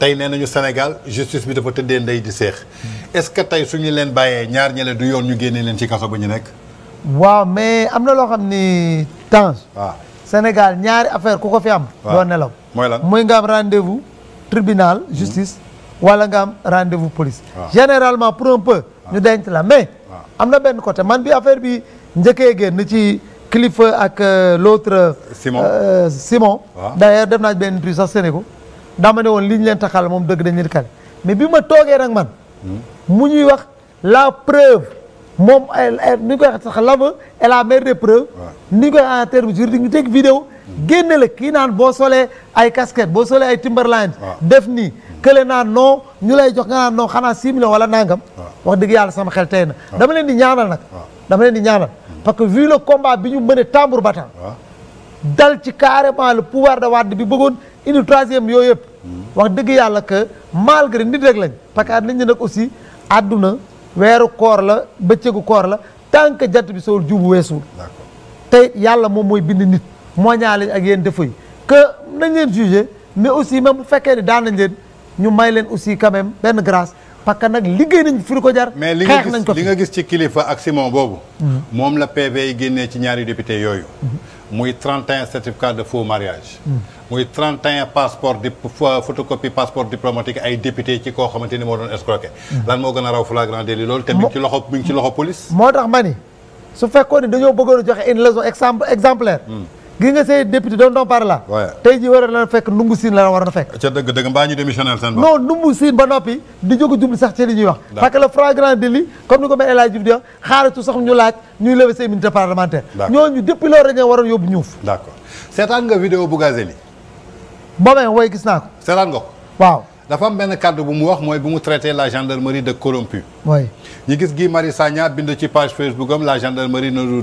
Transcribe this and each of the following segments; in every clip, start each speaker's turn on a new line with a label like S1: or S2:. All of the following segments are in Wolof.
S1: tey nee Sénégal justice bi dafa tëddee ndey di seex est-ce que tay suñu leen bayé ñaar ñele du yoon ñu gënné leen ci kaso bu ñu nek?
S2: waaw mais amna lo xamni ni temps. Sénégal ñaar affaire ku ko fi am. do nelaw Moy lan Moy nga am rendez-vous tribunal justice. Hmm. wala nga am rendez-vous police. généralement pour un peu. ñu denc la mais. amna ben benn côté man bi affaire bi njëkkee gën ci. Cliff ak euh, l'autre Simon euh, Simon. d'ailleurs def naa benn tuuti sax Sénégal. dama ne woon li ñu leen taxal moom dëgg dañ leen kale mais bi ma toogee nag man. mu ñuy wax la preuve moom ni koy wax sax l'aveu est la mair des preuves. ni ñu koy en terme juridique ñu teg vidéo. génne la kii naan boo solee ay casquette boo sole ay Timberland. def nii kële naan non ñu lay jox nga noo non xanaa 6 wala nangam. wax dëgg yàlla sama xel tey na. dama leen di ñaanal nag. dama leen di ñaanal. parce que vu le combat bi ñu mënee tambour battant. dal ci carrément le pouvoir de Wade bi bëggoon indi troisième yooyu yëpp. wax dëgg yàlla que malgré nit rek lañ parce que nit ñi nag aussi àdduna weeru koor la bëccëgu koor la tant que jant bi sowul juubu weesuwul te yàlla moom mooy bind nit moo ñaale ak yéen defa yi que nañ leen jugé mais aussi même bu fekkee ni daan nañ leen ñu may leen aussi quand même benn grâce parce que nag liggéey nañ fi ko jar mais li nga gis li nga gis ci kilifa ak Simon boobu
S1: hmm. moom la PV yi génnee ci ñaari député yooyu hmm. a 31 certificat de faux mariage. moy 31 passeport de photocopie passeport diplomatique ay député ci ko xamanteni mo done escroqué. Hmm. lan qui vous a raw flagrant délit té ci loxo ci loxo police.
S2: motax su fekkone joxe une leçon exemple exemplaire. Hmm. gi nga say député doon doon par là. tey wax. parce que le flagrant délit comme ni ko El Hadj Diouf seetaan nga gis
S1: naa ko. seetaan nga ko. waaw. dafa am benn kàddu bu mu wax mooy bu mu traité la gendarmerie de corrompu. oui ñu gis Guy Marius Sagna bind ci page Facebook am la gendarmerie ne nous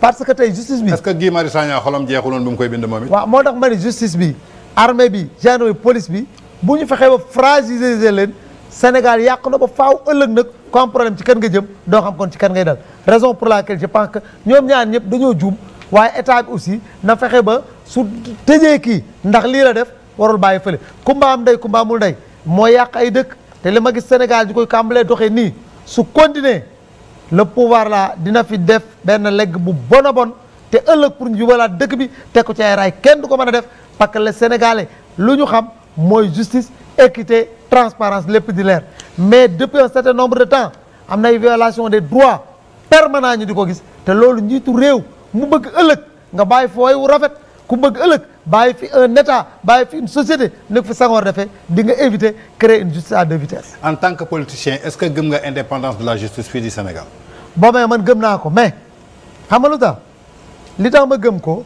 S2: parce que tey justice bi. est-ce que Guy Marius Sagna xolam jeexuloon koy bind moom it. waaw moo tax ma justice bi armée bi gendarmerie police bi bu ñu fexee ba fragiliser leen Sénégal yàq na ba faaw ëllëg nag ku am problème ci kan nga jëm doo xam kon ci kan ngay dal raison pour laquelle je pense que ñoom ñaar ñëpp dañoo juum waaye état bi aussi na fexe ba su tëjee kii ndax lii la def warul bàyyi fële kumba am ndey kumba amul moo yàq ay dëkk te li ma gis Sénégal ñu koy kàmbalee doxee nii su continuer le pouvoir là dina fi def ben leg bu bon a bon te ëllëg pour ñu wala dëkk bi teg ko ci ay ray kenn du ko mën def parce que les sénégalais lu ñu xam moy justice équité transparence lépp di leer mais depuis un certain nombre de temps am na ay violation des droits permanents ñu diko gis te lolu njiitu réew mu bëgg ëllëg nga bàyyi fooy wu rafet ku bëgg ëllëg bàyyi fi un état bàyyi fi une société ne ko fi Senghor di nga éviter créer une justice à deux vitesses.
S1: en tant que politicien est-ce que gëm nga indépendance de la justice fii du Sénégal.
S2: boo may man gëm naa mais xam nga lu tax li tax ma gëm ko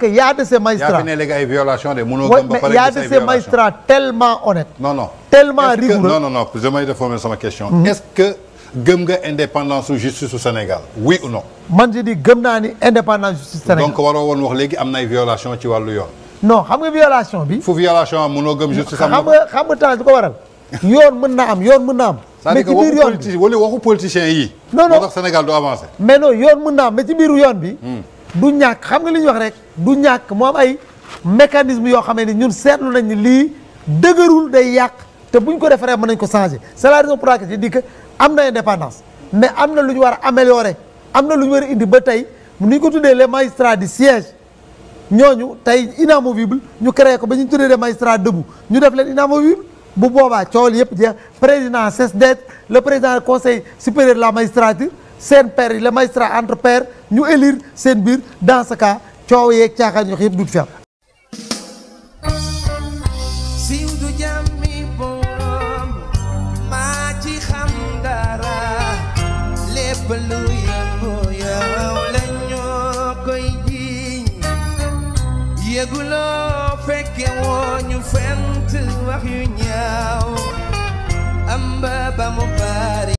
S2: que y a de ces magistrats. Il y a
S1: des violations de mënoo gëm ba pare. mais y a de ces magistrats
S2: tellement
S1: honnêtes. non non tellement rigoureux non non non je may déformer ma question. Mhm. est-ce que gëm nga indépendance ou justice au Sénégal oui ou non. man je dis gëm na ni indépendance justice Sénégal. donc waro won wax légui am na violation ci walu yoon. non xam nga violation bi. fu violation am gëm justice. am na xam nga
S2: xam nga temps du ko waral. yoon mën na am yoon mën na am. mais ci bir yoon politique? wala waxu politicien yi. non non moo Sénégal do avancer mais non yoon mën na am mais ci bir yoon bi. Hmm. du ñak xam nga liñ wax rek. du ñak mo am ay mécanisme yo xamé ni ñun sétlu nañ ni lii dëgërul day yaq té buñ ko defaree mën nañ ko changer c'est la raison pour laquelle je dis que am na indépendance mais am na lu ñu war a améliorer am na lu ñu war a indi ba tey ni ñu ko tuddee les magistrats du siège ñooñu tey inamovible ñu créé ko ba ñu tuddee les magistrats debout ñu def leen inamovible bu boobaa cool yëpp jeex président cesse d'être le président du conseil supérieur de la magistrature seen pairs yi les magistrats entre pairs ñu élire seen biir dans coow yeeg caaxaan yox yëpp duut fi am yëguloo fekke woo ñu fent wax yu ñaaw am ba ba